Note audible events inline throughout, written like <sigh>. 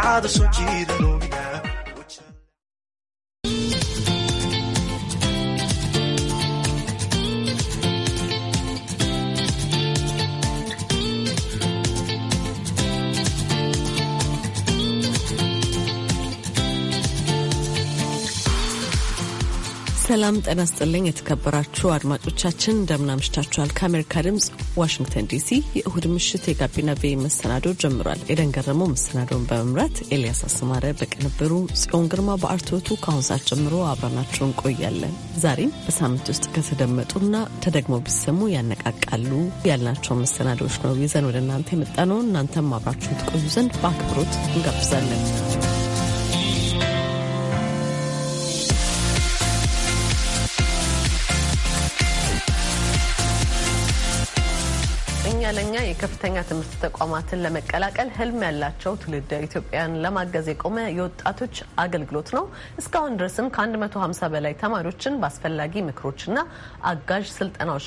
dabeecada soo jiida ሰላም ጤና ይስጥልኝ። የተከበራችሁ አድማጮቻችን እንደምን አምሽታችኋል? ከአሜሪካ ድምፅ ዋሽንግተን ዲሲ የእሁድ ምሽት የጋቢና ቤ መሰናዶ ጀምሯል። ኤደን ገረመው መሰናዶውን በመምራት ኤልያስ አስማረ በቅንብሩ፣ ጽዮን ግርማ በአርትዖቱ ከአሁን ሰዓት ጀምሮ አብረናችሁ እንቆያለን። ዛሬም በሳምንት ውስጥ ከተደመጡና ተደግሞ ቢሰሙ ያነቃቃሉ ያልናቸው መሰናዶዎች ነው ይዘን ወደ እናንተ የመጣነው። እናንተም አብራችሁን ትቆዩ ዘንድ በአክብሮት እንጋብዛለን። የከፍተኛ ትምህርት ተቋማትን ለመቀላቀል ህልም ያላቸው ትውልደ ኢትዮጵያን ለማገዝ የቆመ የወጣቶች አገልግሎት ነው። እስካሁን ድረስም ከ150 በላይ ተማሪዎችን በአስፈላጊ ምክሮችና አጋዥ ስልጠናዎች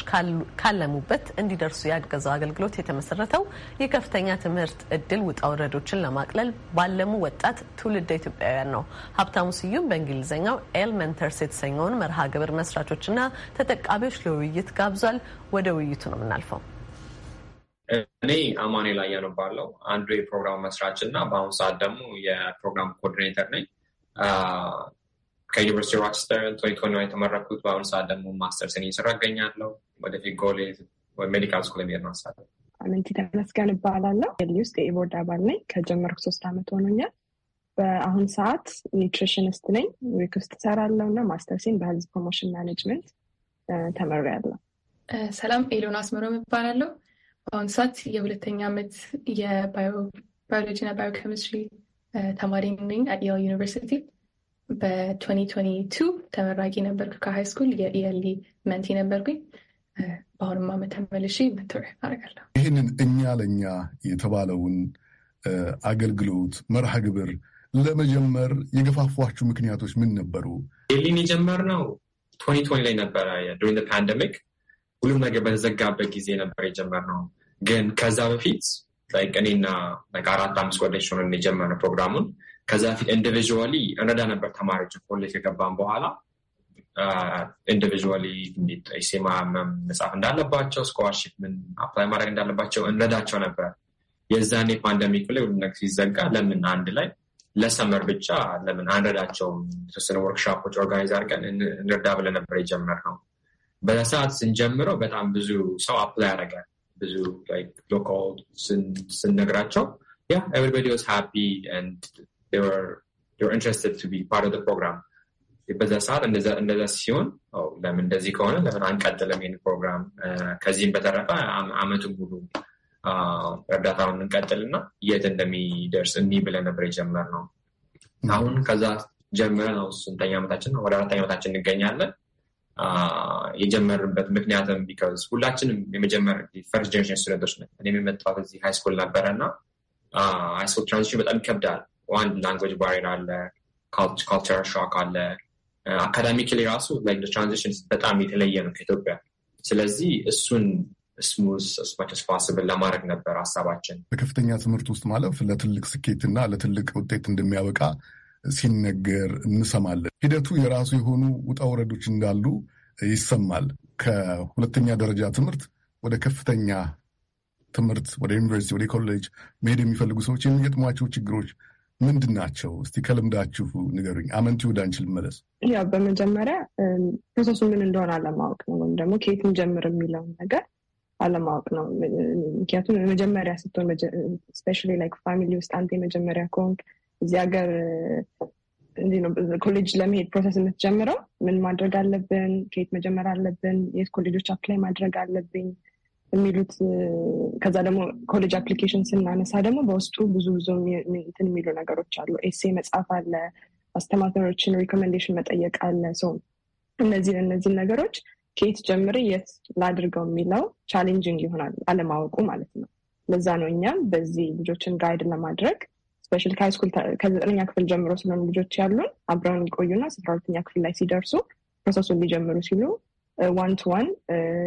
ካለሙበት እንዲደርሱ ያገዘው አገልግሎት የተመሰረተው የከፍተኛ ትምህርት እድል ውጣ ውረዶችን ለማቅለል ባለሙ ወጣት ትውልደ ኢትዮጵያውያን ነው። ሀብታሙ ስዩም በእንግሊዝኛው ኤልመንተርስ የተሰኘውን መርሃ ግብር መስራቾችና ተጠቃሚዎች ለውይይት ጋብዟል። ወደ ውይይቱ ነው የምናልፈው። እኔ አማኔ ላይ ያነባለው አንዱ የፕሮግራም መስራች እና በአሁኑ ሰዓት ደግሞ የፕሮግራም ኮኦርዲኔተር ነኝ። ከዩኒቨርሲቲ ሮችስተር ቶኮኒ የተመረኩት በአሁኑ ሰዓት ደግሞ ማስተርሴን እየሰራ እገኛለሁ። ወደፊት ጎሌ ሜዲካል ስኩል የሚሄድ ማሳለ አመንቲ ተመስገን እባላለሁ። ሊ ውስጥ የኢቦርድ አባል ነኝ። ከጀመርኩ ሶስት አመት ሆኖኛል። በአሁን ሰዓት ኒውትሪሽኒስት ነኝ። ዊክ ውስጥ እሰራለሁ እና ማስተርሴን በሄልዝ ፕሮሞሽን ማኔጅመንት ተመሪያለሁ። ሰላም ኤሎን አስመሮ እባላለሁ። በአሁኑ ሰዓት የሁለተኛ ዓመት የባዮሎጂ እና ባዮኬሚስትሪ ተማሪ ነኝ። አዲያ ዩኒቨርሲቲ በ2022 ተመራቂ ነበርኩ። ከሃይ ስኩል የኢኤልኢ መንቲ ነበርኩኝ። በአሁኑም ዓመት ተመልሼ መተር አደርጋለሁ። ይህንን እኛ ለእኛ የተባለውን አገልግሎት መርሃ ግብር ለመጀመር የገፋፏችሁ ምክንያቶች ምን ነበሩ? ኤልኢን የጀመርነው 2020 ላይ ነበረ ዱሪንግ ፓንደሚክ ሁሉም ነገር በተዘጋበት ጊዜ ነበር የጀመርነው። ግን ከዛ በፊት እኔና አራት አምስት ጓደኞች ሆነን የጀመርነው ፕሮግራሙን። ከዛ በፊት ኢንዲቪዥዋሊ እንረዳ ነበር ተማሪዎች ኮሌጅ ከገባን በኋላ ኢንዲቪዥዋሊ ሴማ መጻፍ እንዳለባቸው፣ ስኮላርሺፕ ምን አፕላይ ማድረግ እንዳለባቸው እንረዳቸው ነበር። የዛኔ ፓንደሚክ ላይ ሁሉ ነገር ሲዘጋ ለምን አንድ ላይ ለሰመር ብቻ ለምን አንረዳቸውም? የተወሰነ ወርክሾፖች ኦርጋናይዝ አድርገን እንርዳ ብለን ነበር የጀመርነው። በዛ ሰዓት ስንጀምረው በጣም ብዙ ሰው አፕላይ ያደረገ ብዙ ሎካል ስንነግራቸው ያ ኤቨሪባዲ ዋዝ ሃፒ ኢንትረስትድ ቱ ቢ ፓርት ኦፍ ፕሮግራም። በዛ ሰዓት እንደዛ ሲሆን ለምን እንደዚህ ከሆነ ለምን አንቀጥልም ይህን ፕሮግራም ከዚህም በተረፈ አመቱን ሙሉ እርዳታውን እንቀጥልና የት እንደሚደርስ እኒ ብለን ነበር የጀመርነው። አሁን ከዛ ጀምረ ነው ስንተኛ ዓመታችን ነው ወደ አራተኛ ዓመታችን እንገኛለን። የጀመርንበት ምክንያትም ቢካዝ ሁላችንም የመጀመር ፈርስት ጀኔሬሽን ስቱደንቶች ነ እኔም የመጣሁት እዚህ ሃይስኩል ነበረ እና ሃይስኩል ትራንዚሽን በጣም ይከብዳል። አንድ ላንጉጅ ባሪር አለ፣ ካልቸር ሾክ አለ። አካዳሚክ ላይ ራሱ ትራንዚሽን በጣም የተለየ ነው ከኢትዮጵያ። ስለዚህ እሱን ስሙዝ ለማድረግ ነበር ሀሳባችን። በከፍተኛ ትምህርት ውስጥ ማለፍ ለትልቅ ስኬትና ለትልቅ ውጤት እንደሚያበቃ ሲነገር እንሰማለን። ሂደቱ የራሱ የሆኑ ውጣ ውረዶች እንዳሉ ይሰማል። ከሁለተኛ ደረጃ ትምህርት ወደ ከፍተኛ ትምህርት ወደ ዩኒቨርሲቲ፣ ወደ ኮሌጅ መሄድ የሚፈልጉ ሰዎች የሚገጥሟቸው ችግሮች ምንድን ናቸው? እስቲ ከልምዳችሁ ንገሩኝ። አመንቲ ወደ አንቺ ልመለስ። ያው በመጀመሪያ ፕሮሰሱ ምን እንደሆነ አለማወቅ ነው፣ ወይም ደግሞ ከየት ጀምር የሚለውን ነገር አለማወቅ ነው። ምክንያቱም መጀመሪያ? ስትሆን ስፔሻሊ ላይክ ፋሚሊ ውስጥ አንተ የመጀመሪያ ከሆንክ እዚህ ሀገር ኮሌጅ ለመሄድ ፕሮሰስ የምትጀምረው ምን ማድረግ አለብን፣ ከየት መጀመር አለብን፣ የት ኮሌጆች አፕላይ ማድረግ አለብኝ የሚሉት ከዛ ደግሞ ኮሌጅ አፕሊኬሽን ስናነሳ ደግሞ በውስጡ ብዙ ብዙ እንትን የሚሉ ነገሮች አሉ። ኤሴ መጻፍ አለ፣ አስተማሪዎችን ሪኮሜንዴሽን መጠየቅ አለ። ሰው እነዚህ እነዚህን ነገሮች ከየት ጀምር የት ላድርገው የሚለው ቻሌንጅንግ ይሆናል፣ አለማወቁ ማለት ነው። ለዛ ነው እኛም በዚህ ልጆችን ጋይድ ለማድረግ ስፔሻሊ ከሃይስኩል ከዘጠነኛ ክፍል ጀምሮ ስለሆኑ ልጆች ያሉን አብረውን ቆዩና አስራ ሁለተኛ ክፍል ላይ ሲደርሱ ፕሮሰሱን ሊጀምሩ ሲሉ ዋን ቱ ዋን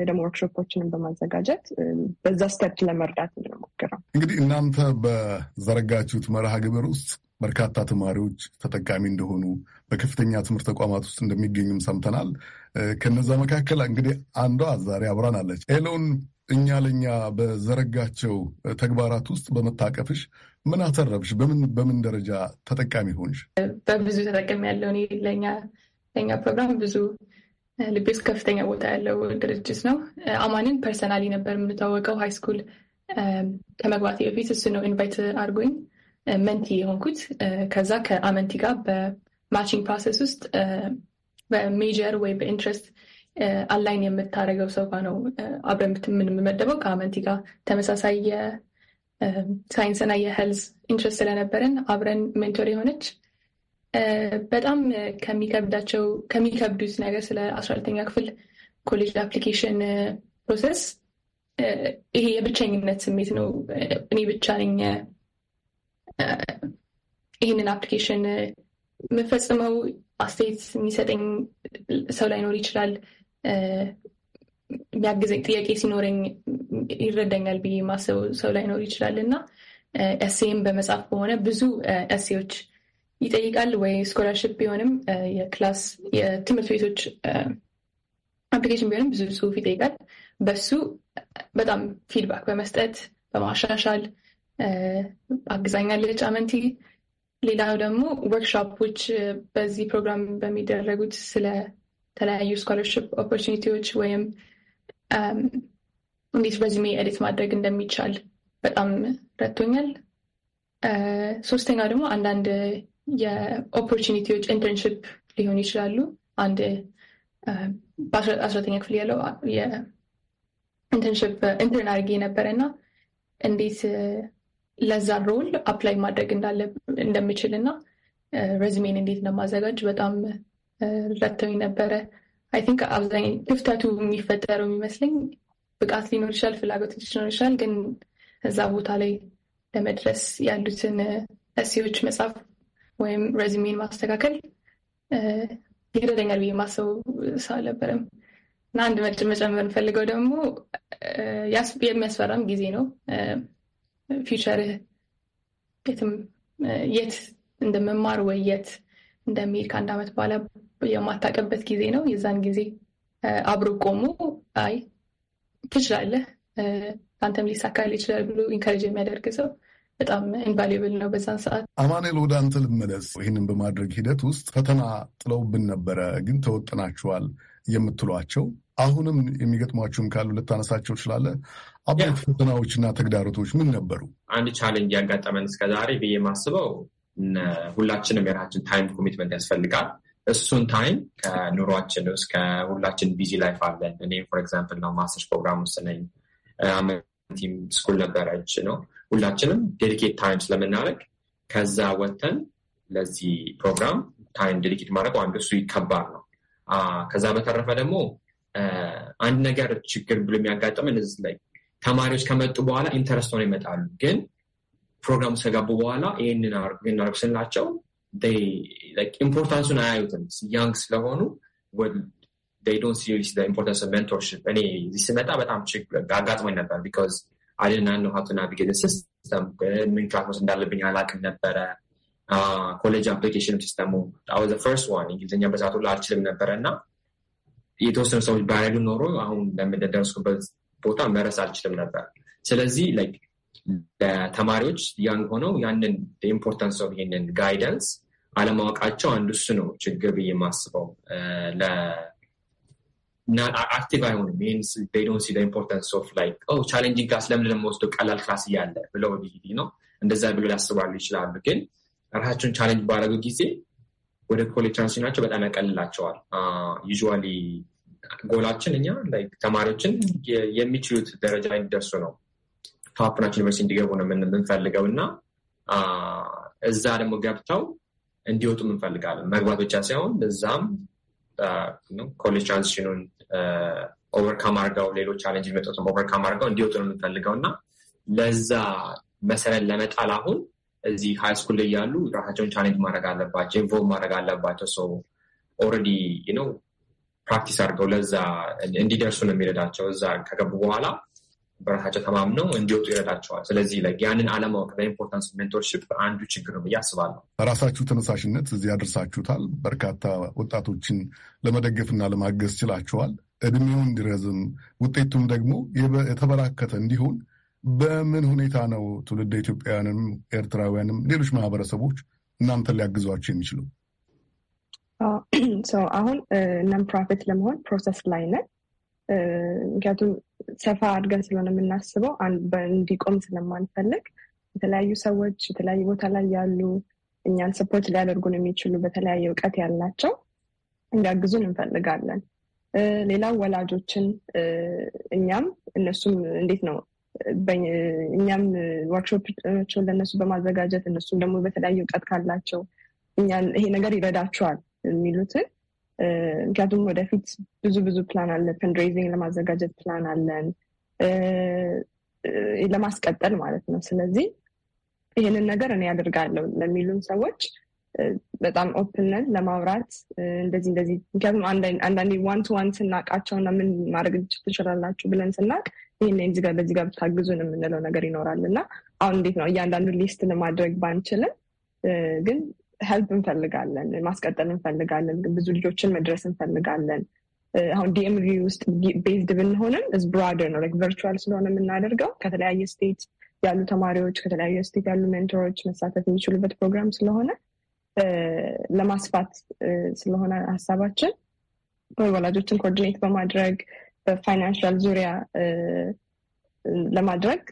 ደግሞ ወርክሾፖችንም በማዘጋጀት um, በዛ ስቴፕ ለመርዳት እንሞክረው። እንግዲህ እናንተ በዘረጋችሁት መርሃ ግብር ውስጥ በርካታ ተማሪዎች ተጠቃሚ እንደሆኑ በከፍተኛ ትምህርት ተቋማት ውስጥ እንደሚገኙም ሰምተናል። uh, ከነዛ መካከል እንግዲህ አንዷ ዛሬ አብራን አለች። ኤሎን፣ እኛ ለእኛ በዘረጋቸው ተግባራት ውስጥ በመታቀፍሽ ምን አተረብሽ? በምን በምን ደረጃ ተጠቃሚ ሆንሽ? በብዙ ተጠቃሚ ያለው እኔ ፕሮግራም ብዙ ልቤ ውስጥ ከፍተኛ ቦታ ያለው ድርጅት ነው። አማንን ፐርሰናሊ ነበር የምታወቀው ሃይስኩል ከመግባት በፊት እሱ ነው ኢንቫይት አድርጎኝ መንቲ የሆንኩት። ከዛ ከአመንቲ ጋር በማቺንግ ፕሮሰስ ውስጥ በሜጀር ወይ በኢንትረስት አላይን የምታደርገው ሰው ጋር ነው አብረን የምንመደበው። ከአመንቲ ጋር ተመሳሳይ ሳይንስና የሄልዝ ኢንትረስት ስለነበረን አብረን ሜንቶር የሆነች በጣም ከሚከብዳቸው ከሚከብዱት ነገር ስለ አስራ ሁለተኛ ክፍል ኮሌጅ አፕሊኬሽን ፕሮሰስ ይሄ የብቸኝነት ስሜት ነው። እኔ ብቻ ነኝ ይህንን አፕሊኬሽን የምፈጽመው። አስተያየት የሚሰጠኝ ሰው ላይኖር ይችላል። የሚያግዘኝ ጥያቄ ሲኖረኝ ይረዳኛል ብዬ ማሰብ ሰው ላይኖር ይችላል እና ኤሴም በመጽሐፍ በሆነ ብዙ ኤሴዎች ይጠይቃል ወይ ስኮላርሽፕ ቢሆንም የክላስ የትምህርት ቤቶች አፕሊኬሽን ቢሆንም ብዙ ጽሁፍ ይጠይቃል። በሱ በጣም ፊድባክ በመስጠት በማሻሻል አግዛኛለች አመንቲ። ሌላው ደግሞ ወርክሾፖች በዚህ ፕሮግራም በሚደረጉት ስለተለያዩ ስኮላርሽፕ ኦፖርቹኒቲዎች ወይም Um, እንዴት ረዝሜ ኤዲት ማድረግ እንደሚቻል በጣም ረቶኛል ሶስተኛ ደግሞ አንዳንድ የኦፖርቹኒቲዎች ኢንተርንሽፕ ሊሆኑ ይችላሉ። አንድ በአስራተኛ ክፍል ያለው ኢንተርንሽፕ ኢንተርን አድርጌ ነበረ እና እንዴት ለዛ ሮል አፕላይ ማድረግ እንደምችል እና ረዝሜን እንዴት እንደማዘጋጅ በጣም ረድተውኝ ነበረ። አይ ቲንክ አብዛኛ ክፍተቱ የሚፈጠረው የሚመስለኝ ብቃት ሊኖር ይችላል፣ ፍላጎት ሊኖር ይችላል። ግን እዛ ቦታ ላይ ለመድረስ ያሉትን እሴዎች መጻፍ ወይም ረዚሜን ማስተካከል ይረዳኛል ብዬ ማሰቡ ሰው አልነበረም እና አንድ መጨመር እንፈልገው ደግሞ የሚያስፈራም ጊዜ ነው። ፊውቸርህ የትም የት እንደመማር ወይ የት እንደሚሄድ ከአንድ ዓመት በኋላ የማታውቅበት ጊዜ ነው። የዛን ጊዜ አብሮ ቆሞ አይ ትችላለህ፣ አንተም ሊሳካል ይችላል ብሎ ኢንካሬጅ የሚያደርግ ሰው በጣም ኢንቫሉብል ነው በዛን ሰዓት። አማኔል ወደ አንተ ልመለስ። ይህንን በማድረግ ሂደት ውስጥ ፈተና ጥለውብን ነበረ፣ ግን ተወጥናችኋል የምትሏቸው አሁንም የሚገጥሟችሁም ካሉ ልታነሳቸው ችላለ። አባት ፈተናዎች እና ተግዳሮቶች ምን ነበሩ? አንድ ቻሌንጅ ያጋጠመን እስከዛሬ ብዬ ማስበው ሁላችንም የራችን ታይም ኮሚትመንት ያስፈልጋል። እሱን ታይም ከኑሯችን ውስጥ ከሁላችን ቢዚ ላይፍ አለን። እኔ ፎር ኤግዛምፕል ነው ማስተርስ ፕሮግራም ውስጥ ነኝ። አመቲም ስኩል ነበረች ነው ሁላችንም ዴዲኬት ታይም ስለምናደርግ ከዛ ወጥተን ለዚህ ፕሮግራም ታይም ዴዲኬት ማድረግ አንዱ እሱ ይከባድ ነው። ከዛ በተረፈ ደግሞ አንድ ነገር ችግር ብሎ የሚያጋጥመን እዚህ ላይ ተማሪዎች ከመጡ በኋላ ኢንተረስት ሆነው ይመጣሉ። ግን ፕሮግራም ከገቡ በኋላ ይህንን አድርጉ ስንላቸው ኢምፖርታንሱን አያዩትም ያንግ ስለሆኑ ዶንት ሲሪስ ኢምፖርታንስ ሜንቶርሽፕ። እኔ እዚህ ስመጣ በጣም አጋጥሞኝ ነበር ነው ናቪጌት ሲስተም ምን እንዳለብኝ አላቅም ነበረ። ኮሌጅ አፕሊኬሽን ሲስተሙ ፈርስት ዋን እንግሊዝኛ በዛቱ አልችልም ነበረ እና የተወሰኑ ሰዎች ባያሉ ኖሮ አሁን ቦታ መረስ አልችልም ነበር። ስለዚህ ላይክ ለተማሪዎች ያንግ ሆነው ያንን ኢምፖርታንስ ኦፍ ይህንን ጋይደንስ አለማወቃቸው አንዱ እሱ ነው ችግር ብዬ የማስበው። አክቲቭ አይሆንም። ይህን ሲ ኢምፖርታንስ ኦፍ ላይክ ቻሌንጂንግ ክላስ ለምን ለመወስደው ቀላል ክላስ እያለ ብለው ነው እንደዛ ብሎ ሊያስባሉ ይችላሉ። ግን ራሳቸውን ቻሌንጅ ባደረጉ ጊዜ ወደ ኮሌጅ ቻንስ ናቸው በጣም ያቀልላቸዋል። ዩዥዋሊ ጎላችን እኛ ተማሪዎችን የሚችሉት ደረጃ እንዲደርሱ ነው። ናች ዩኒቨርሲቲ እንዲገቡ ነው የምንፈልገው እና እዛ ደግሞ ገብተው እንዲወጡ እንፈልጋለን። መግባት ብቻ ሳይሆን እዛም ኮሌጅ ትራንዚሽኑን ኦቨርካም አርገው ሌሎች ቻለንጅ የሚመጡትን ኦቨርካም አርገው እንዲወጡ ነው የምንፈልገው እና ለዛ መሰረት ለመጣል አሁን እዚህ ስኩል ላይ ያሉ ራሳቸውን ቻሌንጅ ማድረግ አለባቸው፣ ኢንቮልቭ ማድረግ አለባቸው። ሰው ኦልሬዲ ነው ፕራክቲስ አድርገው ለዛ እንዲደርሱ ነው የሚረዳቸው። እዛ ከገቡ በኋላ በራሳቸው ተማምነው እንዲወጡ ይረዳቸዋል። ስለዚህ ያንን አለማወቅ በኢምፖርታንስ ሜንቶርሽፕ አንዱ ችግር ነው ብዬ አስባለሁ። በራሳችሁ ተነሳሽነት እዚህ ያደርሳችሁታል። በርካታ ወጣቶችን ለመደገፍና ለማገዝ ችላችኋል። እድሜው እንዲረዝም ውጤቱም ደግሞ የተበራከተ እንዲሆን በምን ሁኔታ ነው ትውልደ ኢትዮጵያውያንም ኤርትራውያንም ሌሎች ማህበረሰቦች እናንተ ሊያግዟቸው የሚችሉ? <clears throat> አሁን እናም ፕሮፌት ለመሆን ፕሮሰስ ላይ ነን ምክንያቱም ሰፋ አድርገን ስለሆነ የምናስበው እንዲቆም ስለማንፈልግ የተለያዩ ሰዎች የተለያዩ ቦታ ላይ ያሉ እኛን ስፖርት ሊያደርጉን የሚችሉ በተለያየ እውቀት ያላቸው እንዲያግዙን እንፈልጋለን። ሌላው ወላጆችን እኛም እነሱም እንዴት ነው እኛም ወርክሾፖችን ለእነሱ በማዘጋጀት እነሱም ደግሞ በተለያየ እውቀት ካላቸው እኛን ይሄ ነገር ይረዳቸዋል የሚሉትን ምክንያቱም ወደፊት ብዙ ብዙ ፕላን አለ። ፈንድሬዚንግ ለማዘጋጀት ፕላን አለን ለማስቀጠል ማለት ነው። ስለዚህ ይህንን ነገር እኔ ያደርጋለሁ ለሚሉን ሰዎች በጣም ኦፕንነት ለማውራት እንደዚህ እንደዚህ ምክንያቱም አንዳንዴ ዋን ቱ ዋን ስናውቃቸውና ምን ማድረግ ትችላላችሁ ብለን ስናቅ ይህን እዚህ ጋር በዚህ ጋር ብታግዙን የምንለው ነገር ይኖራል እና አሁን እንዴት ነው እያንዳንዱ ሊስት ለማድረግ ባንችልም ግን ሄልፕ እንፈልጋለን፣ ማስቀጠል እንፈልጋለን፣ ብዙ ልጆችን መድረስ እንፈልጋለን። አሁን ዲኤምቪ ውስጥ ቤዝድ ብንሆንም እዝ ብራደር ነው ቨርቹዋል ስለሆነ የምናደርገው ከተለያየ ስቴት ያሉ ተማሪዎች ከተለያየ ስቴት ያሉ ሜንቶሮች መሳተፍ የሚችሉበት ፕሮግራም ስለሆነ ለማስፋት ስለሆነ ሀሳባችን ወላጆችን ኮኦርዲኔት በማድረግ በፋይናንሻል ዙሪያ ለማድረግ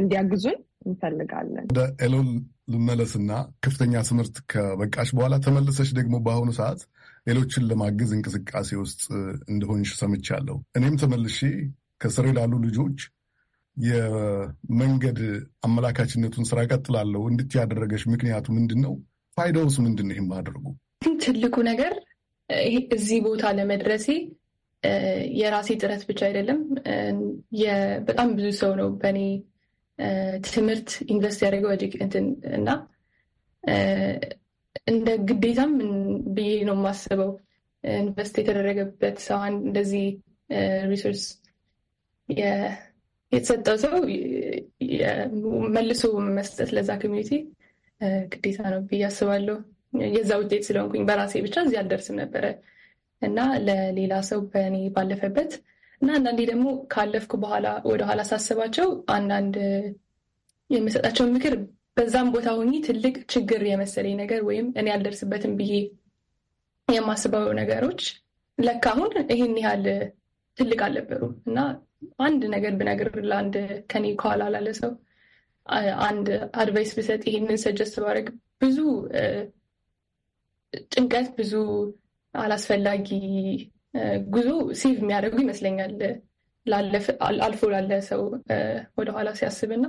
እንዲያግዙን እንፈልጋለን። ኤሎን ልመለስና ከፍተኛ ትምህርት ከበቃሽ በኋላ ተመልሰሽ ደግሞ በአሁኑ ሰዓት ሌሎችን ለማገዝ እንቅስቃሴ ውስጥ እንደሆንሽ ሰምቻለሁ። እኔም ተመልሼ ከስሬ ላሉ ልጆች የመንገድ አመላካችነቱን ስራ ቀጥላለሁ። እንድት ያደረገሽ ምክንያቱ ምንድን ነው? ፋይዳውስ ምንድን ነው? ይህም አድርጉ ትልቁ ነገር እዚህ ቦታ ለመድረሴ የራሴ ጥረት ብቻ አይደለም። በጣም ብዙ ሰው ነው በእኔ ትምህርት ኢንቨስት ያደረገው እንትን እና እንደ ግዴታም ብዬ ነው የማስበው። ኢንቨስት የተደረገበት ሰው እንደዚህ ሪሶርስ የተሰጠው ሰው መልሶ መስጠት ለዛ ኮሚኒቲ ግዴታ ነው ብዬ አስባለሁ። የዛ ውጤት ስለሆንኩኝ በራሴ ብቻ እዚህ አልደርስም ነበረ እና ለሌላ ሰው በእኔ ባለፈበት እና አንዳንዴ ደግሞ ካለፍኩ በኋላ ወደኋላ ሳስባቸው አንዳንድ የሚሰጣቸውን ምክር በዛም ቦታ ሆኚ ትልቅ ችግር የመሰለኝ ነገር ወይም እኔ አልደርስበትም ብዬ የማስበው ነገሮች ለካ አሁን ይህን ያህል ትልቅ አልነበሩም እና አንድ ነገር ብነግር ለአንድ ከኔ ከኋላ ላለ ሰው አንድ አድቫይስ ብሰጥ ይህንን ሰጀስት ባደርግ ብዙ ጭንቀት፣ ብዙ አላስፈላጊ ጉዞ ሴቭ የሚያደርጉ ይመስለኛል። አልፎ ላለ ሰው ወደኋላ ሲያስብና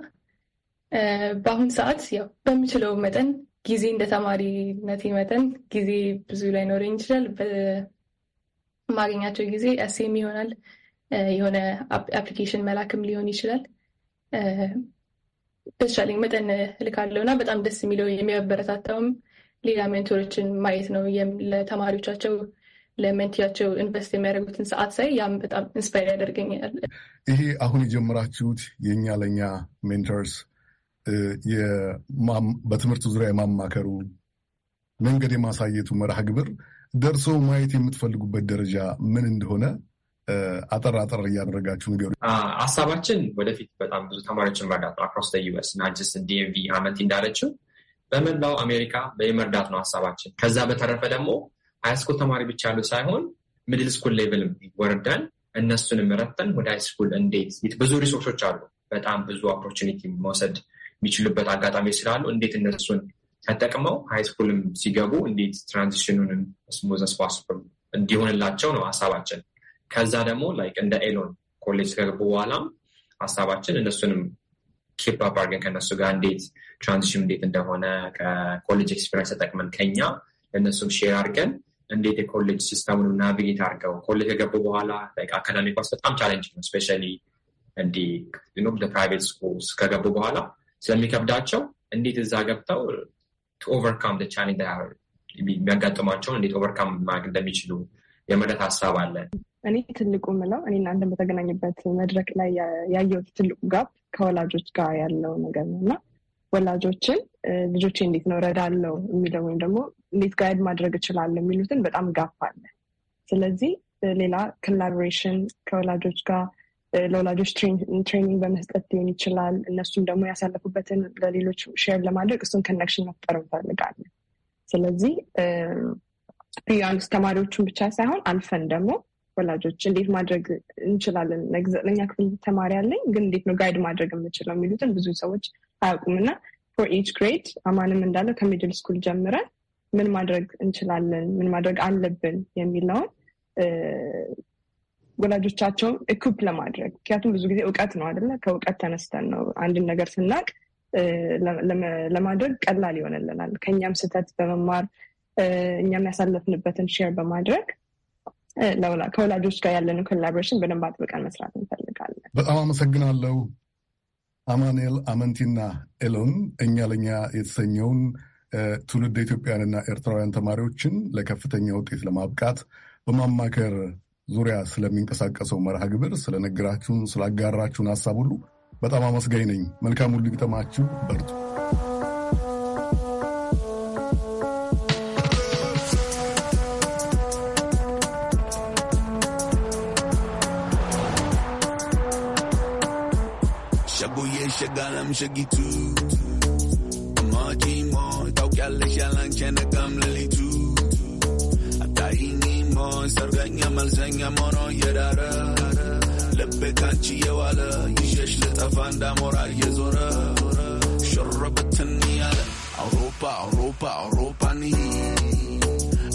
በአሁን ሰዓት ያው በምችለው መጠን ጊዜ እንደ ተማሪነቴ መጠን ጊዜ ብዙ ላይኖረኝ ይችላል። በማገኛቸው ጊዜ ኤሴም ይሆናል፣ የሆነ አፕሊኬሽን መላክም ሊሆን ይችላል። በተቻለኝ መጠን ልካለው እና በጣም ደስ የሚለው የሚያበረታታውም ሌላ ሜንቶሮችን ማየት ነው ለተማሪዎቻቸው ለመንቲያቸው ኢንቨስት የሚያደርጉትን ሰዓት ሳይ ያም በጣም ኢንስፓይር ያደርገኛል። ይሄ አሁን የጀመራችሁት የእኛ ለእኛ ሜንተርስ በትምህርት ዙሪያ የማማከሩ መንገድ የማሳየቱ መርሃ ግብር ደርሰው ማየት የምትፈልጉበት ደረጃ ምን እንደሆነ አጠር አጠር እያደረጋችሁ ንገሩ። ሀሳባችን ወደፊት በጣም ብዙ ተማሪዎችን መርዳት ነው። አክሮስ ዩስ ናጅስ ጅስ ዲኤምቪ አመት እንዳለችው በመላው አሜሪካ በየመርዳት ነው ሀሳባችን። ከዛ በተረፈ ደግሞ ሃይስኩል ተማሪ ብቻ ያሉ ሳይሆን ሚድል ስኩል ሌቭልም ወርደን እነሱንም ረተን ወደ ሃይስኩል እንዴት ብዙ ሪሶርሶች አሉ፣ በጣም ብዙ ኦፖርቹኒቲ መውሰድ የሚችሉበት አጋጣሚ ስላሉ እንዴት እነሱን ተጠቅመው ሃይስኩልም ሲገቡ እንዴት ትራንዚሽኑንም ስሙዝ እንዲሆንላቸው ነው ሀሳባችን። ከዛ ደግሞ ላይክ እንደ ኤሎን ኮሌጅ ከገቡ በኋላም ሀሳባችን እነሱንም ኬፕ አፕ አድርገን ከእነሱ ጋር እንዴት ትራንዚሽን እንዴት እንደሆነ ከኮሌጅ ኤክስፔሪንስ ተጠቅመን ከኛ ለእነሱም ሼር አድርገን እንዴት የኮሌጅ ሲስተሙን ናቪጌት አድርገው ኮሌጅ ከገቡ በኋላ አካዳሚ ዋስ በጣም ቻለንጅ ነው። ስፔሻሊ እንዲህ ፕራይቬት ስኩልስ ከገቡ በኋላ ስለሚከብዳቸው እንዴት እዛ ገብተው ኦቨርካም ቻሌንጅ የሚያጋጥሟቸውን እንዴት ኦቨርካም ማድረግ እንደሚችሉ የመረት ሀሳብ አለ። እኔ ትልቁ ምለው እኔ እናንተን በተገናኝበት መድረክ ላይ ያየሁት ትልቁ ጋር ከወላጆች ጋር ያለው ነገር ነው እና ወላጆችን ልጆቼ እንዴት ነው ረዳለው የሚለው ወይም ደግሞ እንዴት ጋይድ ማድረግ እችላለሁ የሚሉትን በጣም ጋፍ አለ። ስለዚህ ሌላ ኮላቦሬሽን ከወላጆች ጋር ለወላጆች ትሬኒንግ በመስጠት ሊሆን ይችላል። እነሱም ደግሞ ያሳለፉበትን ለሌሎች ሼር ለማድረግ እሱን ኮኔክሽን መፍጠር እንፈልጋለን። ስለዚህ ያሉት ተማሪዎቹን ብቻ ሳይሆን አልፈን ደግሞ ወላጆች እንዴት ማድረግ እንችላለን፣ ለኛ ክፍል ተማሪ አለኝ ግን እንዴት ነው ጋይድ ማድረግ የምችለው የሚሉትን ብዙ ሰዎች አያውቁም እና ፎር ኢች ግሬድ አማንም እንዳለው ከሚድል ስኩል ጀምረን ምን ማድረግ እንችላለን፣ ምን ማድረግ አለብን የሚለውን ወላጆቻቸው እኩፕ ለማድረግ ምክንያቱም ብዙ ጊዜ እውቀት ነው አይደለ? ከእውቀት ተነስተን ነው አንድን ነገር ስናውቅ ለማድረግ ቀላል ይሆንልናል። ከእኛም ስህተት በመማር እኛም ያሳለፍንበትን ሼር በማድረግ ከወላጆች ጋር ያለንን ኮላቦሬሽን በደንብ አጥብቀን መስራት እንፈልጋለን። በጣም አመሰግናለሁ። አማኑኤል አመንቲና ኤሎን እኛ ለኛ የተሰኘውን ትውልድ ኢትዮጵያውያንና ኤርትራውያን ተማሪዎችን ለከፍተኛ ውጤት ለማብቃት በማማከር ዙሪያ ስለሚንቀሳቀሰው መርሃ ግብር ስለነገራችሁን፣ ስላጋራችሁን ሀሳብ ሁሉ በጣም አመስጋኝ ነኝ። መልካም ሁሉ ይግጠማችሁ። በርቱ። شگلم شگی تو ماجی ما تاو کل شلن کنکم للی تو تاینی ما سرگنگ مل زنگ ما را یراره لب کچیه والا یشش لطفان دامورا یزوره شربت نیاله اوروپا اوروپا اوروپا نی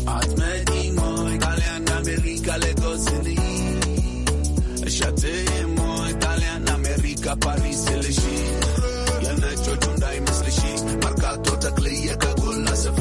آتمدی ما ایتالیا امریکا لگوسنی شاتیم ከፓሪ ስልሺ የነጮቹ እንዳይመስልሺ መርካቶ ተክልዬ ከጎላ ስፋ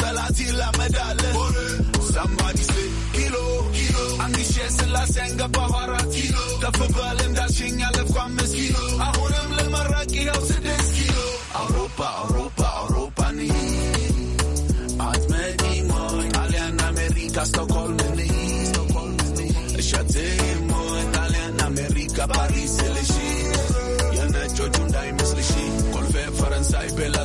ጠላት ይላመዳለን። ሳምባዲ ሴ ኪሎ ኪሎ አንድ ሺ ስላሴን ገባሁ አራት ኪሎ ከፍ ባለ እንዳልሽኝ ያለፍኩ አምስት ኪሎ አሁንም ለመራቅ ይኸው ስድስት ኪሎ አውሮፓ አውሮፓ አውሮፓ ንሂ አትመጪ ሞኝ ጣሊያን አሜሪካ ስቶኮልም ንሂ እሸቴ ሞኝ ጣሊያን አሜሪካ ፓሪስ ልሺ የነጮቹ እንዳይመስልሽ ኮልፌ ፈረንሳይ ቤላ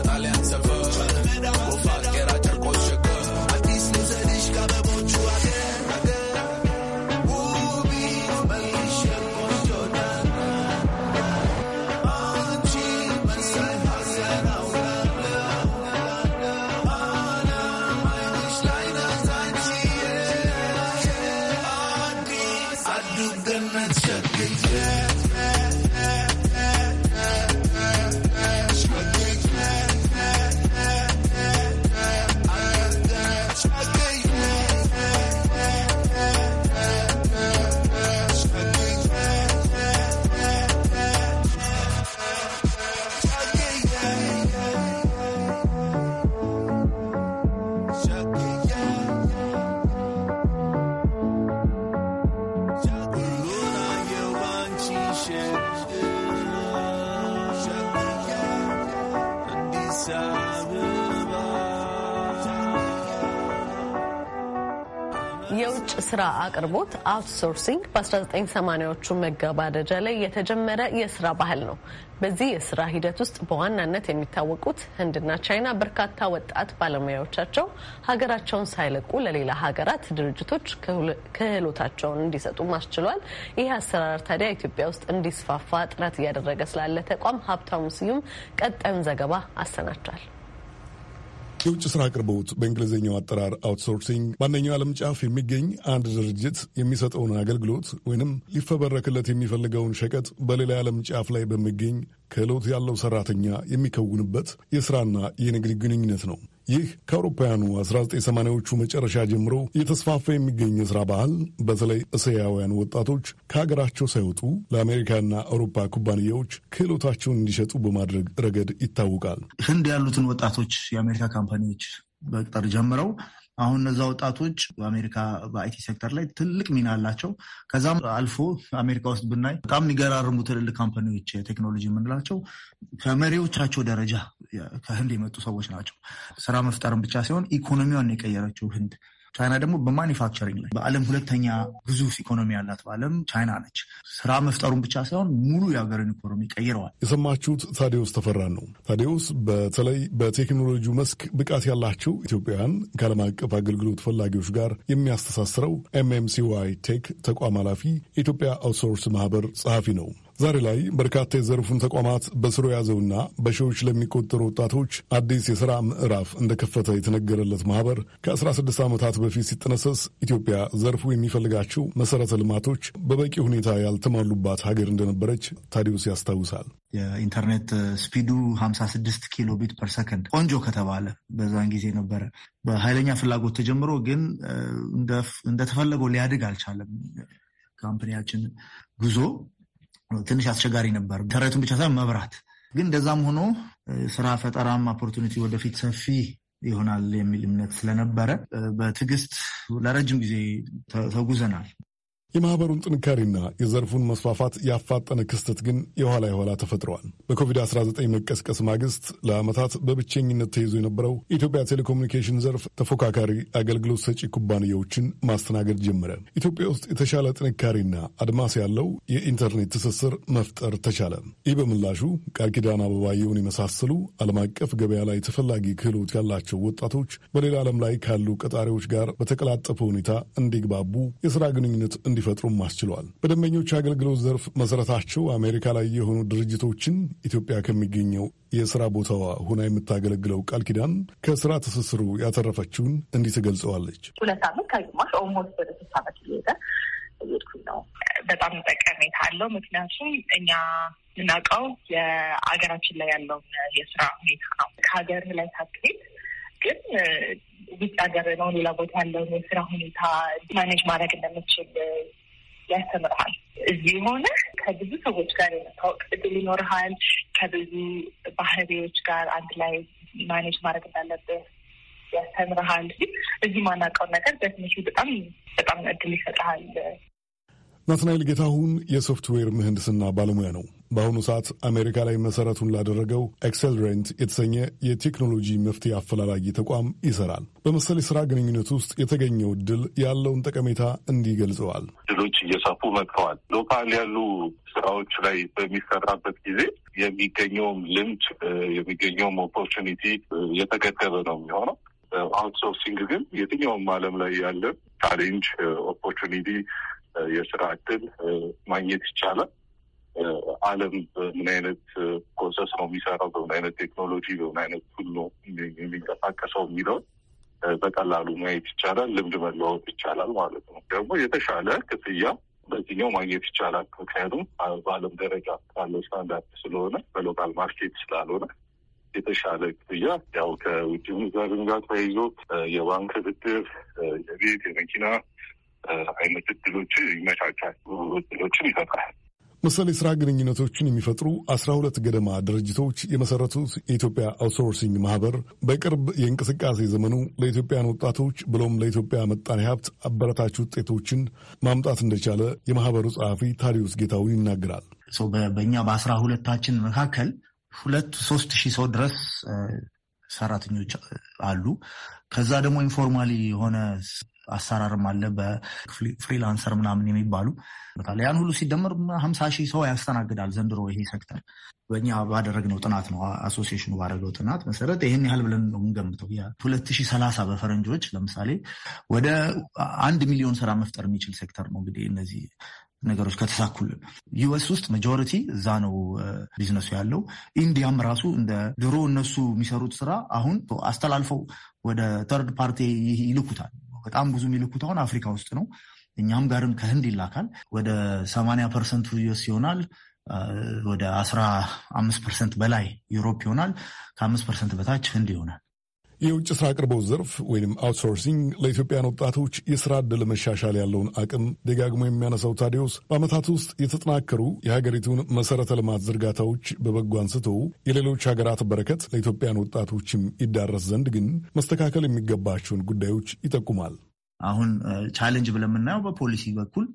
የስራ አቅርቦት አውትሶርሲንግ በ1980ዎቹ መገባደጃ ላይ የተጀመረ የስራ ባህል ነው። በዚህ የስራ ሂደት ውስጥ በዋናነት የሚታወቁት ህንድና ቻይና በርካታ ወጣት ባለሙያዎቻቸው ሀገራቸውን ሳይለቁ ለሌላ ሀገራት ድርጅቶች ክህሎታቸውን እንዲሰጡ ማስችሏል። ይህ አሰራር ታዲያ ኢትዮጵያ ውስጥ እንዲስፋፋ ጥረት እያደረገ ስላለ ተቋም ሀብታሙ ስዩም ቀጣዩን ዘገባ አሰናቷል። የውጭ ስራ አቅርቦት በእንግሊዝኛው አጠራር አውትሶርሲንግ በአንደኛው ዓለም ጫፍ የሚገኝ አንድ ድርጅት የሚሰጠውን አገልግሎት ወይንም ሊፈበረክለት የሚፈልገውን ሸቀጥ በሌላ ዓለም ጫፍ ላይ በሚገኝ ክህሎት ያለው ሰራተኛ የሚከውንበት የስራና የንግድ ግንኙነት ነው። ይህ ከአውሮፓውያኑ 1980ዎቹ መጨረሻ ጀምሮ እየተስፋፋ የሚገኝ የሥራ ባህል በተለይ እስያውያን ወጣቶች ከሀገራቸው ሳይወጡ ለአሜሪካና አውሮፓ ኩባንያዎች ክህሎታቸውን እንዲሸጡ በማድረግ ረገድ ይታወቃል። ህንድ ያሉትን ወጣቶች የአሜሪካ ካምፓኒዎች መቅጠር ጀምረው አሁን እነዛ ወጣቶች በአሜሪካ በአይቲ ሴክተር ላይ ትልቅ ሚና አላቸው። ከዛም አልፎ አሜሪካ ውስጥ ብናይ በጣም የሚገራርሙ ትልልቅ ካምፓኒዎች ቴክኖሎጂ የምንላቸው ከመሪዎቻቸው ደረጃ ከህንድ የመጡ ሰዎች ናቸው። ስራ መፍጠርን ብቻ ሳይሆን ኢኮኖሚዋን የቀየረችው ህንድ ቻይና ደግሞ በማኒፋክቸሪንግ ላይ በዓለም ሁለተኛ ግዙፍ ኢኮኖሚ ያላት በዓለም ቻይና ነች። ስራ መፍጠሩን ብቻ ሳይሆን ሙሉ የሀገርን ኢኮኖሚ ቀይረዋል። የሰማችሁት ታዲዮስ ተፈራን ነው። ታዲዮስ በተለይ በቴክኖሎጂው መስክ ብቃት ያላቸው ኢትዮጵያውያን ከዓለም አቀፍ አገልግሎት ፈላጊዎች ጋር የሚያስተሳስረው ኤምኤምሲዋይ ቴክ ተቋም ኃላፊ የኢትዮጵያ አውትሶርስ ማህበር ጸሐፊ ነው። ዛሬ ላይ በርካታ የዘርፉን ተቋማት በስሩ የያዘውና በሺዎች ለሚቆጠሩ ወጣቶች አዲስ የሥራ ምዕራፍ እንደከፈተ የተነገረለት ማኅበር ከ16 ዓመታት በፊት ሲጠነሰስ ኢትዮጵያ ዘርፉ የሚፈልጋቸው መሠረተ ልማቶች በበቂ ሁኔታ ያልተሟሉባት ሀገር እንደነበረች ታዲዮስ ያስታውሳል። የኢንተርኔት ስፒዱ 56 ኪሎ ቢት ፐር ሰከንድ ቆንጆ ከተባለ በዛን ጊዜ ነበረ። በኃይለኛ ፍላጎት ተጀምሮ ግን እንደተፈለገው ሊያድግ አልቻለም። ካምፕኒያችን ጉዞ ትንሽ አስቸጋሪ ነበር። ተረቱን ብቻ ሳይሆን መብራት ግን እንደዛም ሆኖ ስራ ፈጠራም ኦፖርቱኒቲ ወደፊት ሰፊ ይሆናል የሚል እምነት ስለነበረ በትዕግስት ለረጅም ጊዜ ተጉዘናል። የማህበሩን ጥንካሬና የዘርፉን መስፋፋት ያፋጠነ ክስተት ግን የኋላ የኋላ ተፈጥረዋል። በኮቪድ-19 መቀስቀስ ማግስት ለዓመታት በብቸኝነት ተይዞ የነበረው የኢትዮጵያ ቴሌኮሙኒኬሽን ዘርፍ ተፎካካሪ አገልግሎት ሰጪ ኩባንያዎችን ማስተናገድ ጀመረ። ኢትዮጵያ ውስጥ የተሻለ ጥንካሬና አድማስ ያለው የኢንተርኔት ትስስር መፍጠር ተቻለ። ይህ በምላሹ ቃል ኪዳን አበባየውን የመሳሰሉ ዓለም አቀፍ ገበያ ላይ ተፈላጊ ክህሎት ያላቸው ወጣቶች በሌላ ዓለም ላይ ካሉ ቀጣሪዎች ጋር በተቀላጠፈ ሁኔታ እንዲግባቡ የሥራ ግንኙነት እንዲ እንዲፈጥሩም አስችለዋል። በደንበኞች አገልግሎት ዘርፍ መሰረታቸው አሜሪካ ላይ የሆኑ ድርጅቶችን ኢትዮጵያ ከሚገኘው የስራ ቦታዋ ሆና የምታገለግለው ቃል ኪዳን ከስራ ትስስሩ ያተረፈችውን እንዲህ ትገልጸዋለች። ዓመት በጣም ጠቀሜታ አለው። ምክንያቱም እኛ የምናውቀው የአገራችን ላይ ያለውን የስራ ሁኔታ ነው። ከሀገር ላይ ታክሌት ግን ውጭ ሀገር ነው ሌላ ቦታ ያለውን የስራ ሁኔታ ማኔጅ ማድረግ እንደምችል ያስተምርሃል። እዚህ የሆነ ከብዙ ሰዎች ጋር የመታወቅ እድል ይኖርሃል። ከብዙ ባህሪዎች ጋር አንድ ላይ ማኔጅ ማድረግ እንዳለብህ ያስተምርሃል። እዚህ ማናውቀው ነገር በትንሹ በጣም በጣም እድል ይሰጥሃል። ናትናኤል ጌታሁን የሶፍትዌር ምህንድስና ባለሙያ ነው። በአሁኑ ሰዓት አሜሪካ ላይ መሰረቱን ላደረገው ኤክሰልሬንት የተሰኘ የቴክኖሎጂ መፍትሄ አፈላላጊ ተቋም ይሰራል። በመሰል የስራ ግንኙነት ውስጥ የተገኘው እድል ያለውን ጠቀሜታ እንዲህ ገልጸዋል። እድሎች እየሰፉ መጥተዋል። ሎካል ያሉ ስራዎች ላይ በሚሰራበት ጊዜ የሚገኘውም ልምድ የሚገኘውም ኦፖርቹኒቲ የተገደበ ነው የሚሆነው። አውትሶርሲንግ ግን የትኛውም ዓለም ላይ ያለ ቻሌንጅ ኦፖርቹኒቲ የስራ እድል ማግኘት ይቻላል። ዓለም በምን አይነት ፕሮሰስ ነው የሚሰራው፣ በምን አይነት ቴክኖሎጂ፣ በምን አይነት ሁሉ የሚንቀሳቀሰው የሚለውን በቀላሉ ማየት ይቻላል። ልምድ መለዋወጥ ይቻላል ማለት ነው። ደግሞ የተሻለ ክፍያ በዚህኛው ማግኘት ይቻላል። ምክንያቱም በዓለም ደረጃ ካለው ስታንዳርድ ስለሆነ በሎካል ማርኬት ስላልሆነ የተሻለ ክፍያ ያው ከውጭ ምንዛሪ ጋር ተያይዞ የባንክ ብድር፣ የቤት የመኪና አይነት እድሎች ይመቻቻል፣ እድሎችን ይፈጥራል። መሰል የሥራ ግንኙነቶችን የሚፈጥሩ 12 ገደማ ድርጅቶች የመሠረቱት የኢትዮጵያ አውትሶርሲንግ ማኅበር በቅርብ የእንቅስቃሴ ዘመኑ ለኢትዮጵያን ወጣቶች ብሎም ለኢትዮጵያ መጣኔ ሀብት አበረታች ውጤቶችን ማምጣት እንደቻለ የማኅበሩ ጸሐፊ ታዲዮስ ጌታውን ይናገራል። በእኛ በአስራ ሁለታችን መካከል ሁለት ሶስት ሺህ ሰው ድረስ ሰራተኞች አሉ። ከዛ ደግሞ ኢንፎርማሊ የሆነ አሰራርም አለ በፍሪላንሰር ምናምን የሚባሉ ያን ሁሉ ሲደመር ሀምሳ ሺህ ሰው ያስተናግዳል ዘንድሮ ይሄ ሴክተር። በእኛ ባደረግነው ጥናት ነው አሶሲሽኑ ባደረገው ጥናት መሰረት ይህን ያህል ብለን ነው የምንገምተው። ሁለት ሺህ ሰላሳ በፈረንጆች ለምሳሌ ወደ አንድ ሚሊዮን ስራ መፍጠር የሚችል ሴክተር ነው እንግዲህ እነዚህ ነገሮች ከተሳኩልን ዩኤስ ውስጥ መጆሪቲ እዛ ነው ቢዝነሱ ያለው። ኢንዲያም ራሱ እንደ ድሮ እነሱ የሚሰሩት ስራ አሁን አስተላልፈው ወደ ተርድ ፓርቲ ይልኩታል። በጣም ብዙ የሚልኩት አሁን አፍሪካ ውስጥ ነው። እኛም ጋርም ከህንድ ይላካል። ወደ ሰማንያ ፐርሰንቱ ዩስ ይሆናል። ወደ አስራ አምስት ፐርሰንት በላይ ዩሮፕ ይሆናል። ከአምስት ፐርሰንት በታች ህንድ ይሆናል። የውጭ ስራ አቅርቦት ዘርፍ ወይም አውትሶርሲንግ ለኢትዮጵያን ወጣቶች የስራ ዕድል መሻሻል ያለውን አቅም ደጋግሞ የሚያነሳው ታዲዮስ በዓመታት ውስጥ የተጠናከሩ የሀገሪቱን መሰረተ ልማት ዝርጋታዎች በበጎ አንስቶ የሌሎች ሀገራት በረከት ለኢትዮጵያን ወጣቶችም ይዳረስ ዘንድ ግን መስተካከል የሚገባቸውን ጉዳዮች ይጠቁማል። አሁን ቻሌንጅ ብለን የምናየው በፖሊሲ በኩል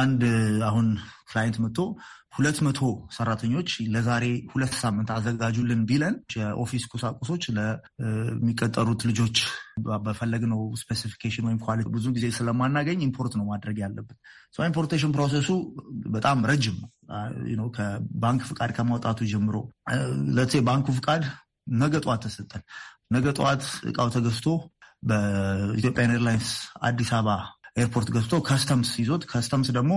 አንድ አሁን ክላይንት መጥቶ ሁለት መቶ ሰራተኞች ለዛሬ ሁለት ሳምንት አዘጋጁልን ቢለን የኦፊስ ቁሳቁሶች ለሚቀጠሩት ልጆች በፈለግነው ስፔሲፊኬሽን ወይም ኳሊቲ ብዙ ጊዜ ስለማናገኝ ኢምፖርት ነው ማድረግ ያለብን። ኢምፖርቴሽን ፕሮሰሱ በጣም ረጅም ነው። ከባንክ ፍቃድ ከማውጣቱ ጀምሮ ለሴ ባንኩ ፍቃድ ነገ ጠዋት ተሰጠን። ነገ ጠዋት እቃው ተገዝቶ በኢትዮጵያን ኤርላይንስ አዲስ አበባ ኤርፖርት ገብቶ ከስተምስ ይዞት ከስተምስ ደግሞ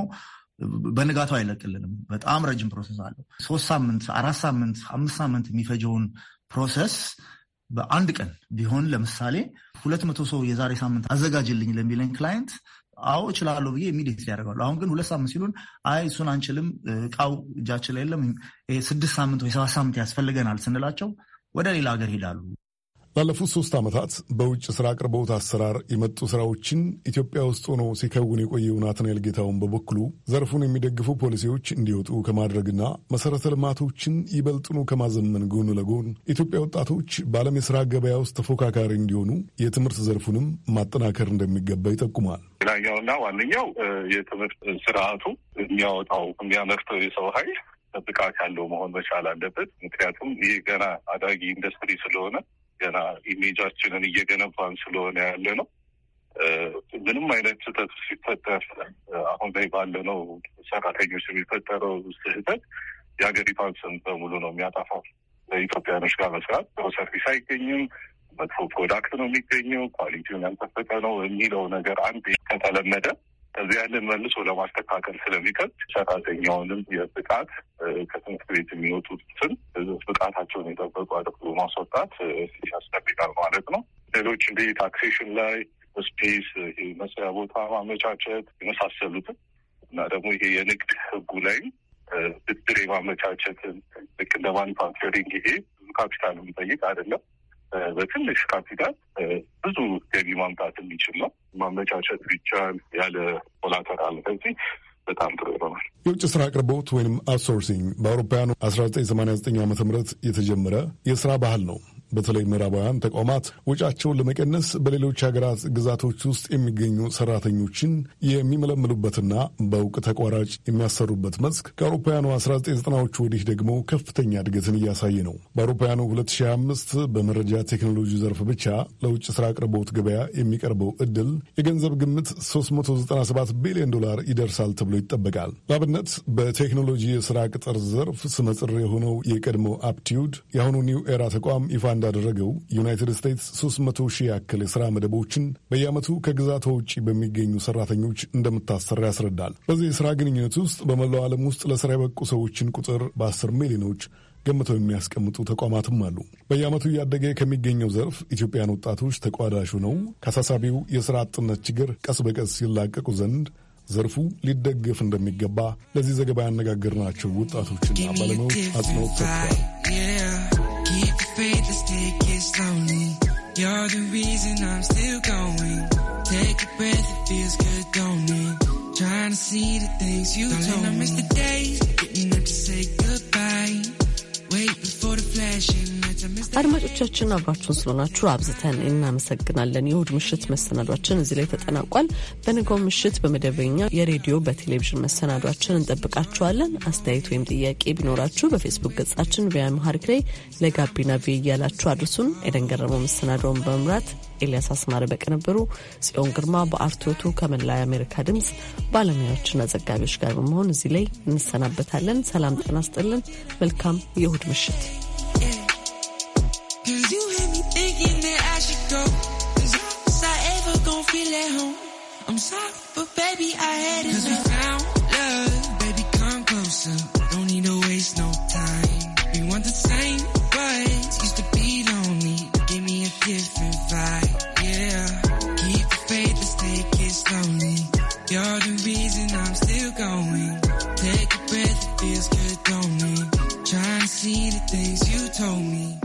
በንጋቱ አይለቅልንም። በጣም ረጅም ፕሮሰስ አለው። ሶስት ሳምንት፣ አራት ሳምንት፣ አምስት ሳምንት የሚፈጀውን ፕሮሰስ በአንድ ቀን ቢሆን ለምሳሌ ሁለት መቶ ሰው የዛሬ ሳምንት አዘጋጅልኝ ለሚለን ክላይንት አዎ እችላለሁ ብዬ ኢሚዲየትሊ ያደርጋሉ። አሁን ግን ሁለት ሳምንት ሲሉን አይ እሱን አንችልም፣ እቃው እጃችን ላይ የለም፣ ስድስት ሳምንት ወይ ሰባት ሳምንት ያስፈልገናል ስንላቸው ወደ ሌላ ሀገር ይሄዳሉ። ላለፉት ሶስት ዓመታት በውጭ ሥራ አቅርቦት አሰራር የመጡ ሥራዎችን ኢትዮጵያ ውስጥ ሆኖ ሲከውን የቆየው ናትናኤል ጌታውን በበኩሉ ዘርፉን የሚደግፉ ፖሊሲዎች እንዲወጡ ከማድረግና መሠረተ ልማቶችን ይበልጥኑ ከማዘመን ጎን ለጎን ኢትዮጵያ ወጣቶች በዓለም የሥራ ገበያ ውስጥ ተፎካካሪ እንዲሆኑ የትምህርት ዘርፉንም ማጠናከር እንደሚገባ ይጠቁማል። ሌላኛውና ዋነኛው የትምህርት ስርዓቱ የሚያወጣው የሚያመርተው የሰው ኃይል ብቃት ያለው መሆን መቻል አለበት። ምክንያቱም ይህ ገና አዳጊ ኢንዱስትሪ ስለሆነ ገና ኢሜጃችንን እየገነባን ስለሆነ ያለ ነው። ምንም አይነት ስህተት ሲፈጠር አሁን ላይ ባለነው ሰራተኞች የሚፈጠረው ስህተት የሀገሪቷን ስም በሙሉ ነው የሚያጠፋው። ለኢትዮጵያኖች ጋር መስራት ጥሩ ሰርቪስ አይገኝም፣ መጥፎ ፕሮዳክት ነው የሚገኘው፣ ኳሊቲውን ያልጠበቀ ነው የሚለው ነገር አንድ ከተለመደ ከዚህ ያለን መልሶ ለማስተካከል ስለሚከብድ ሰራተኛውንም የብቃት ከትምህርት ቤት የሚወጡትን ብቃታቸውን የጠበቁ አድርጎ ማስወጣት ያስጠብቃል ማለት ነው። ሌሎች እንደ ታክሴሽን ላይ ስፔስ፣ መስሪያ ቦታ ማመቻቸት የመሳሰሉትን እና ደግሞ ይሄ የንግድ ህጉ ላይም ብድር የማመቻቸትን ልክ እንደ ማኒፋክቸሪንግ ይሄ ካፒታል የሚጠይቅ አይደለም። በትንሽ ካፒታል ብዙ ገቢ ማምጣት የሚችል ነው። ማመቻቸት ቢቻል ያለ ኮላተራል ከዚህ በጣም ጥሩ ይሆናል። የውጭ ስራ አቅርቦት ወይም አውትሶርሲንግ በአውሮፓውያኑ 1989 ዓ ም የተጀመረ የስራ ባህል ነው። በተለይ ምዕራባውያን ተቋማት ወጪያቸውን ለመቀነስ በሌሎች ሀገራት ግዛቶች ውስጥ የሚገኙ ሰራተኞችን የሚመለምሉበትና በእውቅ ተቋራጭ የሚያሰሩበት መስክ ከአውሮፓውያኑ 1990ዎቹ ወዲህ ደግሞ ከፍተኛ እድገትን እያሳየ ነው። በአውሮፓውያኑ 2025 በመረጃ ቴክኖሎጂ ዘርፍ ብቻ ለውጭ ስራ አቅርቦት ገበያ የሚቀርበው ዕድል የገንዘብ ግምት 397 ቢሊዮን ዶላር ይደርሳል ተብሎ ይጠበቃል። ለአብነት በቴክኖሎጂ የስራ ቅጥር ዘርፍ ስመጥር የሆነው የቀድሞ አፕቲዩድ የአሁኑ ኒው ኤራ ተቋም ይፋ እንዳደረገው ዩናይትድ ስቴትስ 300 ሺህ ያክል የሥራ መደቦችን በየዓመቱ ከግዛቷ ውጭ በሚገኙ ሠራተኞች እንደምታሰራ ያስረዳል። በዚህ የሥራ ግንኙነት ውስጥ በመላው ዓለም ውስጥ ለሥራ የበቁ ሰዎችን ቁጥር በአስር ሚሊዮኖች ገምተው የሚያስቀምጡ ተቋማትም አሉ። በየዓመቱ እያደገ ከሚገኘው ዘርፍ ኢትዮጵያን ወጣቶች ተቋዳሽ ሆነው ከአሳሳቢው የሥራ አጥነት ችግር ቀስ በቀስ ይላቀቁ ዘንድ ዘርፉ ሊደገፍ እንደሚገባ ለዚህ ዘገባ ያነጋገርናቸው ወጣቶችና ባለሙያዎች አጽንኦት ሰጥተዋል። breathe, let's take it slowly. You're the reason I'm still going. Take a breath, it feels good, don't it? Trying to see the things you Darling, told me. I miss the days, getting up to say goodbye. Wait before the flashing አድማጮቻችን አብራችሁን ስለሆናችሁ አብዝተን እናመሰግናለን። የእሁድ ምሽት መሰናዷችን እዚህ ላይ ተጠናቋል። በንጋው ምሽት በመደበኛ የሬዲዮ በቴሌቪዥን መሰናዷችን እንጠብቃችኋለን። አስተያየት ወይም ጥያቄ ቢኖራችሁ በፌስቡክ ገጻችን ቪያምሃሪክ ላይ ለጋቢና ቪ እያላችሁ አድርሱን። ኤደን ገረመው መሰናዷውን በመምራት ኤልያስ አስማረ በቅንብሩ፣ ጽዮን ግርማ በአርቶቱ ከመላ የአሜሪካ ድምፅ ባለሙያዎችና ዘጋቢዎች ጋር በመሆን እዚህ ላይ እንሰናበታለን። ሰላም ጤና ይስጥልን። መልካም የእሁድ ምሽት go. Cause I ever gon' feel at home. I'm sorry, but baby, I had it. Cause we found love, baby, come closer. Don't need to waste no time. We want the same, but used to be lonely. Give me a different vibe, yeah. Keep the faith, let's take it slowly. You're the reason I'm still going. Take a breath, it feels good, don't me. Trying to see the things you told me.